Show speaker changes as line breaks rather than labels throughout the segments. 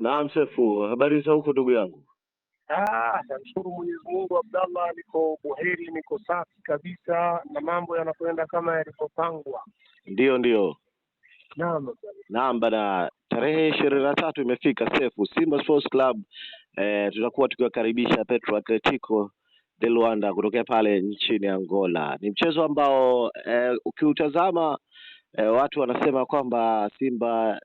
Naam Sefu, habari za huko ndugu yangu?
Ah, namshukuru Mwenyezi Mungu Abdallah, niko buheri, niko safi kabisa na mambo yanakwenda kama yalivyopangwa.
Ndiyo, ndiyo. Naam, naam bana, tarehe ishirini na tatu imefika Sefu. Simba Sports Club eh, tutakuwa tukiwakaribisha Petro Atletico de Luanda kutokea pale nchini Angola. Ni mchezo ambao eh, ukiutazama eh, watu wanasema kwamba Simba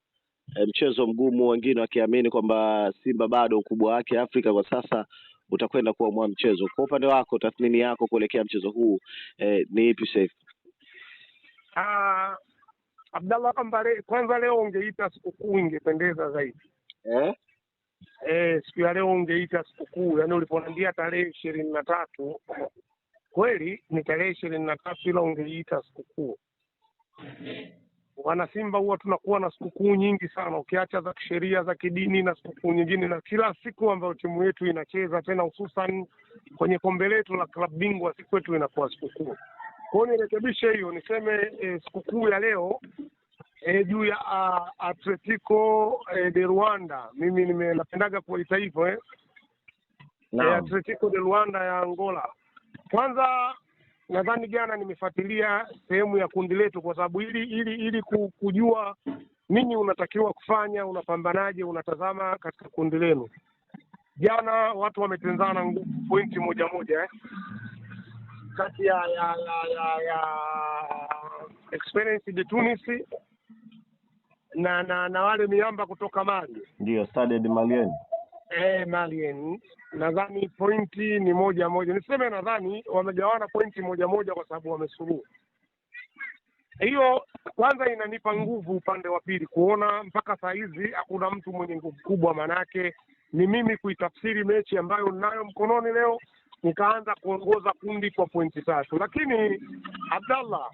Eh, mchezo mgumu, wengine wakiamini kwamba Simba bado ukubwa wake Afrika kwa sasa utakwenda kuamua mchezo. Kwa upande wako, tathmini yako kuelekea mchezo huu eh, ni ipi Seif?
Uh, ah, Abdallah kwamba kwanza leo ungeita sikukuu ingependeza zaidi eh? Eh, siku ya leo ungeita sikukuu, yaani uliponiambia tarehe ishirini na tatu kweli ni tarehe ishirini na tatu ila ungeita sikukuu Wanasimba huwa tunakuwa na sikukuu nyingi sana, ukiacha za kisheria za kidini na sikukuu nyingine, na kila siku ambayo timu yetu inacheza tena, hususan kwenye kombe letu la klabu bingwa, siku yetu inakuwa sikukuu. Kwa hiyo nirekebishe hiyo, niseme e, sikukuu ya leo e, juu ya Atletico e, de Rwanda, mimi napendaga kuwaita hivyo eh. No. E, Atletico de Rwanda ya Angola kwanza nadhani jana nimefuatilia sehemu ya kundi letu, kwa sababu ili ili ili kujua nini unatakiwa kufanya, unapambanaje, unatazama katika kundi lenu. Jana watu wametenzana nguvu pointi moja moja eh, kati ya ya ya ya Experience de Tunis na na na wale miamba kutoka Mali,
ndio Stade Malien
Eh, Malien, nadhani pointi ni moja moja, niseme nadhani wamegawana pointi moja moja kwa sababu wamesuruhu. Hiyo kwanza inanipa nguvu upande wa pili kuona mpaka saa hizi hakuna mtu mwenye nguvu kubwa, maanayake ni mimi kuitafsiri mechi ambayo ninayo mkononi leo, nikaanza kuongoza kundi kwa pointi tatu, lakini Abdallah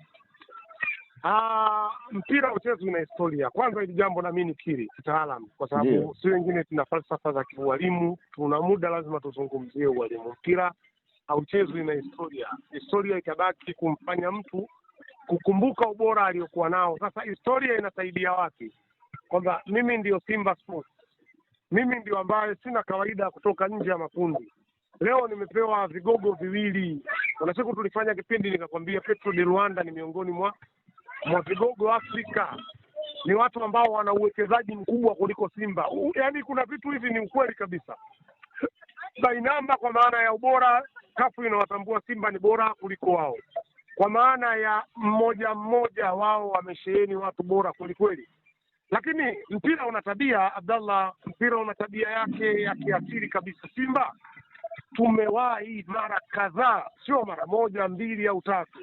Ah, mpira uchezi una historia. Kwanza hili jambo nami nikiri kitaalam, kwa sababu yeah, si wengine tuna falsafa za kiualimu, tuna muda lazima tuzungumzie ualimu. Mpira hauchezwi na historia, historia itabaki kumfanya mtu kukumbuka ubora aliokuwa nao. Sasa historia inasaidia wapi? Kwamba mimi ndio Simba Sports, mimi ndio ambaye sina kawaida ya kutoka nje ya makundi. Leo nimepewa vigogo viwili. Kuna siku tulifanya kipindi nikakwambia Petro de Rwanda ni miongoni mwa mwa vigogo Afrika ni watu ambao wana uwekezaji mkubwa kuliko Simba. yaani yani kuna vitu hivi ni ukweli kabisa bainamba, kwa maana ya ubora. Kafu inawatambua Simba ni bora kuliko wao, kwa maana ya mmoja mmoja wao wamesheheni watu bora kwelikweli, lakini mpira una tabia Abdallah, mpira una tabia yake ya kiasili kabisa. Simba tumewahi mara kadhaa, sio mara moja mbili au tatu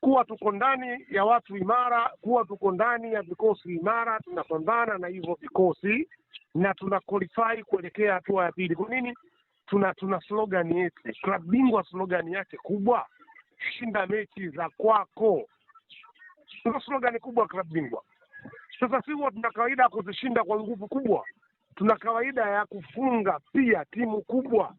kuwa tuko ndani ya watu imara, kuwa tuko ndani ya vikosi imara, tunapambana na hivyo vikosi na tuna qualify kuelekea hatua ya pili. Kwa nini? Tuna tuna slogan yetu, klabu bingwa slogan yake kubwa, shinda mechi za kwako. Tuna slogan kubwa klabu bingwa. Sasa si huwa tuna kawaida ya kuzishinda kwa nguvu kubwa, tuna kawaida ya kufunga pia timu kubwa,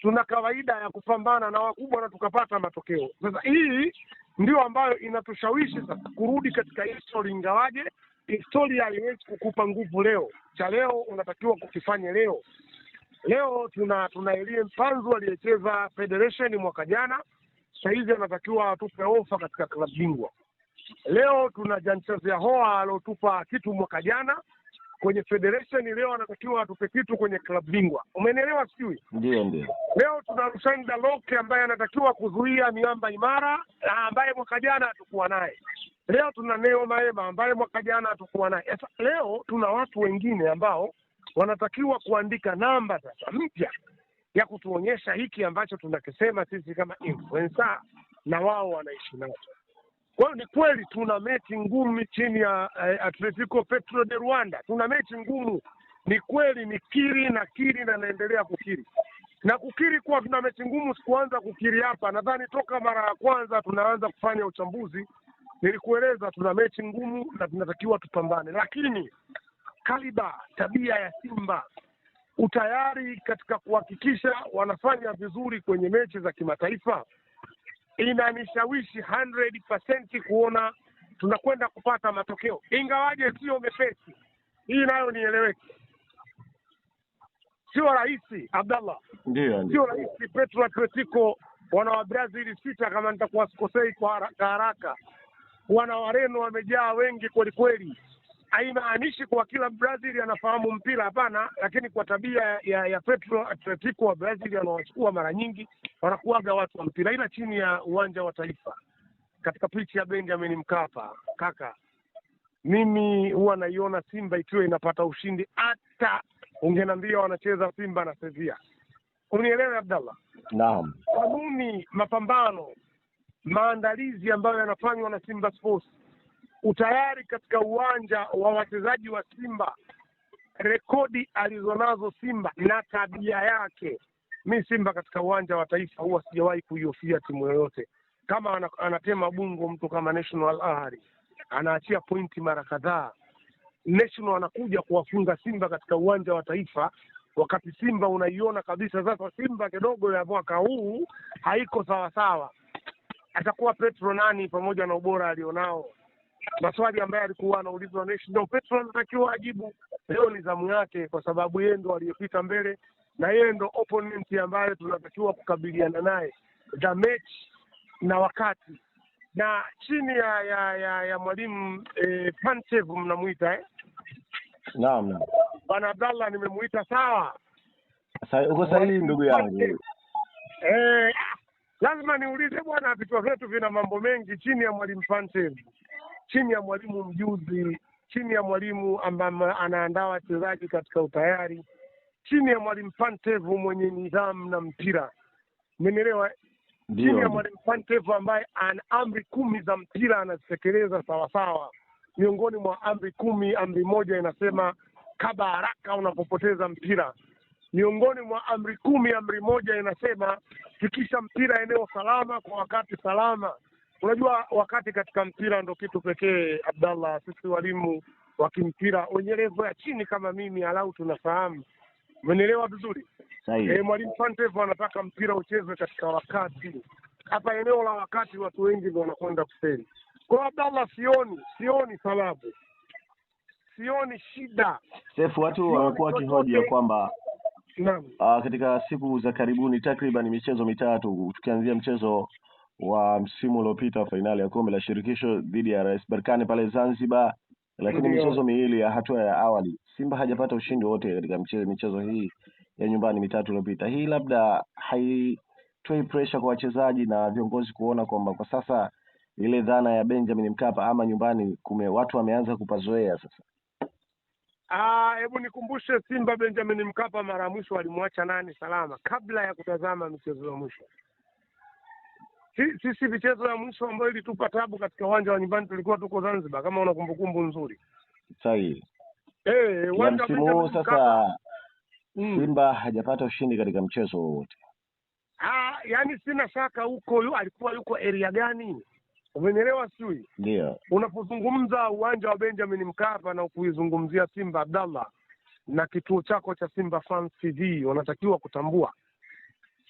tuna kawaida ya kupambana na wakubwa na tukapata matokeo. Sasa hii ndio ambayo inatushawishi sasa kurudi katika history, ingawaje historia haiwezi kukupa nguvu leo. Cha leo unatakiwa kukifanye leo. Leo tuna tuna Elie Mpanzu aliyecheza Federation mwaka jana, sasa hivi anatakiwa atupe ofa katika klabu bingwa. Leo tuna Jean Ahoua aliotupa kitu mwaka jana kwenye federation leo anatakiwa atupe kitu kwenye club bingwa, umenielewa? Sijui ndio ndio. Leo tuna Rushain Daloke ambaye anatakiwa kuzuia miamba imara na ambaye mwaka jana hatukuwa naye. Leo tuna Neo Maema ambaye mwaka jana hatukuwa naye. Sasa leo tuna watu wengine ambao wanatakiwa kuandika namba sasa mpya ya kutuonyesha hiki ambacho tunakisema sisi kama influencer, na wao wanaishi nacho. Kwa hiyo ni kweli tuna mechi ngumu chini ya uh, Atletico Petro de Rwanda, tuna mechi ngumu. Ni kweli ni kiri na kiri na naendelea kukiri na kukiri kuwa tuna mechi ngumu. Sikuanza kukiri hapa, nadhani toka mara ya kwanza tunaanza kufanya uchambuzi, nilikueleza tuna mechi ngumu na tunatakiwa tupambane, lakini kaliba, tabia ya Simba, utayari katika kuhakikisha wanafanya vizuri kwenye mechi za kimataifa inanishawishi 100% kuona tunakwenda kupata matokeo, ingawaje sio mepesi. Hii nayo nieleweke, sio rahisi Abdallah, sio rahisi. Petro Atletico wana wa Brazil sita, kama nitakuwa sikosei kwa haraka haraka, wana Wareno wamejaa wengi kwelikweli haimaanishi kuwa kila Brazil anafahamu mpira, hapana, lakini kwa tabia ya, ya Petro Atletico wa Brazil anawachukua mara nyingi, wanakuaga watu wa mpira, ila chini ya uwanja wa Taifa katika pichi ya Benjamin Mkapa, kaka, mimi huwa naiona Simba ikiwa inapata ushindi. Hata ungeniambia wanacheza Simba na Sevilla, unielewe Abdallah. Naam, kanuni, mapambano, maandalizi ambayo yanafanywa na Simba Sports utayari katika uwanja wa wachezaji wa Simba, rekodi alizonazo Simba na tabia yake. Mi Simba katika uwanja wa Taifa huwa sijawahi kuihofia timu yoyote. Kama anatema bungo mtu kama National Ahli anaachia pointi mara kadhaa, National anakuja kuwafunga Simba katika uwanja wa Taifa, wakati Simba unaiona kabisa sasa Simba kidogo ya mwaka huu haiko sawasawa. Atakuwa Petro nani pamoja na ubora alionao maswali ambayo alikuwa anaulizwa Nesh, ndio Petro anatakiwa ajibu. Leo ni zamu yake, kwa sababu yeye ndo aliyepita mbele na yeye ndo opponent ambayo tunatakiwa kukabiliana naye the match na wakati na chini ya ya ya, ya mwalimu eh, Pantev mnamwita eh? Naam bwana Abdallah, nimemwita sawa.
uko sahihi ndugu yangu eh,
ah, lazima niulize bwana, vichwa vyetu vina mambo mengi chini ya mwalimu Pantev chini ya mwalimu mjuzi, chini ya mwalimu ambaye anaandaa wachezaji katika utayari, chini ya mwalimu Pantevu mwenye nidhamu na mpira, umenielewa? Chini ya mwalimu Pantevu ambaye ana amri kumi za mpira anazitekeleza sawasawa. Miongoni mwa amri kumi, amri moja inasema kaba haraka unapopoteza mpira. Miongoni mwa amri kumi, amri moja inasema fikisha mpira eneo salama kwa wakati salama Unajua, wakati katika mpira ndo kitu pekee, Abdallah, sisi walimu wa kimpira wenye levo ya chini kama mimi, alau tunafahamu. Umenielewa vizuri? E, mwalimu Pantev anataka mpira uchezwe katika wakati. Hapa eneo la wakati watu wengi ndo wanakwenda kufeli. Kwa Abdallah, sioni sioni sababu, sioni shida.
Sefu, watu wamekuwa wakihoja kwamba Uh, katika siku za karibuni takriban michezo mitatu tukianzia mchezo wa msimu uliopita fainali ya kombe la shirikisho dhidi ya rais Berkane pale Zanzibar, lakini michezo miwili ya hatua ya awali Simba hajapata ushindi wote katika michezo hii ya nyumbani mitatu iliyopita. Hii labda haitoi presha kwa wachezaji na viongozi kuona kwamba kwa sasa ile dhana ya Benjamin Mkapa ama nyumbani kume, watu wameanza kupazoea sasa.
Ah, hebu nikumbushe Simba Benjamin Mkapa mara ya mwisho walimwacha nani salama kabla ya kutazama michezo ya mwisho? sisi michezo ya mwisho ambayo ilitupa tabu katika uwanja wa nyumbani tulikuwa tuko Zanzibar, kama una kumbukumbu nzuri. Sahihi. Eh, msimu huu sasa
mm. Simba hajapata ushindi katika mchezo wowote.
Ah, yani sina shaka huko yu, alikuwa yuko area gani? Umenielewa sijui? Ndio. Unapozungumza uwanja wa Benjamin Mkapa na kuizungumzia Simba Abdallah na kituo chako cha Simba Fans TV, unatakiwa kutambua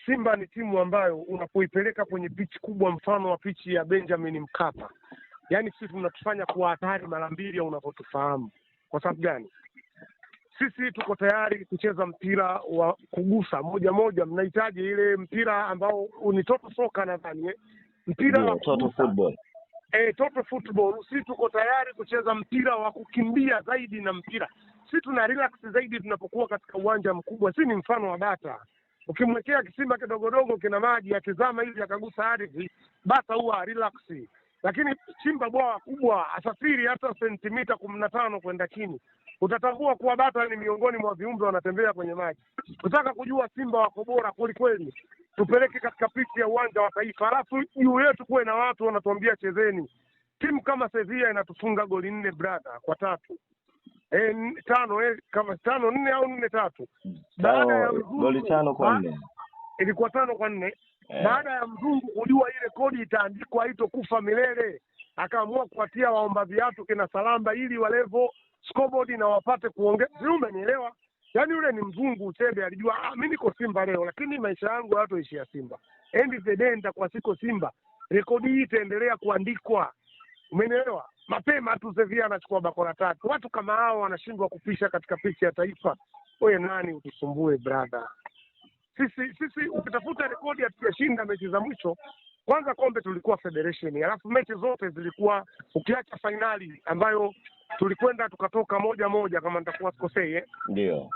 Simba ni timu ambayo unapoipeleka kwenye pichi kubwa, mfano wa pichi ya Benjamin Mkapa, yaani sisi tunatufanya kuwa hatari mara mbili ya unavyotufahamu. Kwa sababu gani? Sisi tuko tayari kucheza mpira wa kugusa moja moja, mnahitaji ile mpira ambao ni toto soka nadhani, eh?
mpira wa toto football
E, eh, toto football. Si tuko tayari kucheza mpira wa kukimbia zaidi na mpira, si tuna relax zaidi tunapokuwa katika uwanja mkubwa. Si ni mfano wa bata Ukimwekea kisimba kidogodogo kina maji akizama hivi akagusa ardhi, basa huwa relaksi. Lakini chimba bwawa kubwa, asafiri hata sentimita kumi na tano kwenda chini, utatambua kuwa bata ni miongoni mwa viumbe wanatembea kwenye maji. Kutaka kujua simba wako bora kwelikweli, tupeleke katika pichi ya uwanja wa Taifa, alafu juu yetu kuwe na watu wanatuambia chezeni. Timu kama Sevilla inatufunga goli nne brada kwa tatu. Eh, tano eh, kama tano nne au nne tatu
goli tano kwa nne
ilikuwa tano kwa nne eh. Baada ya mzungu kujua hii rekodi itaandikwa haitokufa milele, akaamua kuwatia waomba viatu kina Salamba ili walevo scoreboard na wapate kuongea, si umenielewa? Yaani yule ni mzungu Uchebe alijua, ah, mi niko Simba leo, lakini maisha yangu hayatoishia Simba. End the day nitakuwa siko Simba, rekodi hii itaendelea kuandikwa, umenielewa? mapema tu Zevia anachukua bakora tatu. Watu kama hao wanashindwa kupisha katika picha ya taifa. Wewe nani utusumbue brother? Sisi sisi ukitafuta rekodi hatujashinda mechi za mwisho. Kwanza kombe tulikuwa federation, alafu mechi zote zilikuwa ukiacha fainali ambayo tulikwenda tukatoka moja moja, kama nitakuwa sikosei eh? Ndio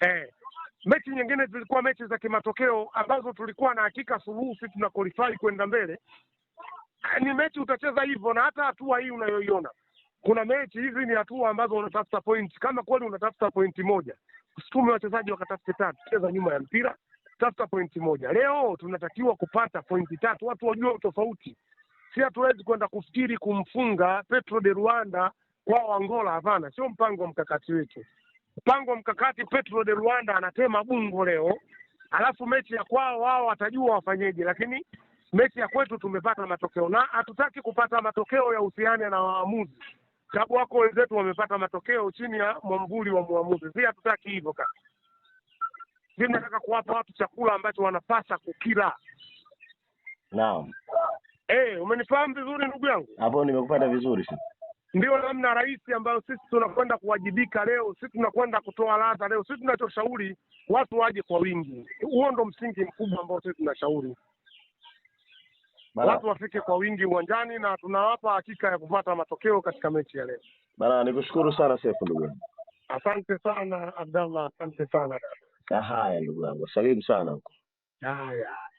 eh. Mechi nyingine zilikuwa mechi za kimatokeo ambazo tulikuwa na hakika suluhu, si tuna qualify kwenda mbele, Ah, ni mechi utacheza hivyo, na hata hatua hii unayoiona, kuna mechi hizi ni hatua ambazo unatafuta pointi. Kama kweli unatafuta pointi moja, usitume wachezaji wakatafute tatu, cheza nyuma ya mpira, tafuta pointi moja. Leo tunatakiwa kupata pointi tatu, watu wajue tofauti. Si hatuwezi kwenda kufikiri kumfunga Petro de Rwanda kwao Angola. Hapana, sio mpango wa mkakati wetu. Mpango wa mkakati Petro de Rwanda anatema bungo leo, alafu mechi ya kwao wao watajua wafanyeje, lakini mechi ya kwetu tumepata matokeo, na hatutaki kupata matokeo ya uhusiano na waamuzi sababu wako wenzetu wamepata matokeo chini ya mwamvuli wa mwamuzi. Si hatutaki hivyo kaka, si nataka kuwapa watu chakula ambacho wanapasa kukila. Naam. Hey, eh, umenifahamu vizuri ndugu yangu?
Hapo nimekupata vizuri.
ndio namna rahisi ambayo sisi tunakwenda kuwajibika leo, sisi tunakwenda kutoa ladha leo. Sisi tunachoshauri watu waje kwa wingi, huo ndo msingi mkubwa ambao sisi tunashauri watu wafike kwa wingi uwanjani, na tunawapa hakika ya kupata matokeo katika mechi ya leo.
Bana, nikushukuru sana Sefu ndugu
Asante sana Abdallah, asante sana.
Haya ndugu yangu, salimu sana huko.
Haya.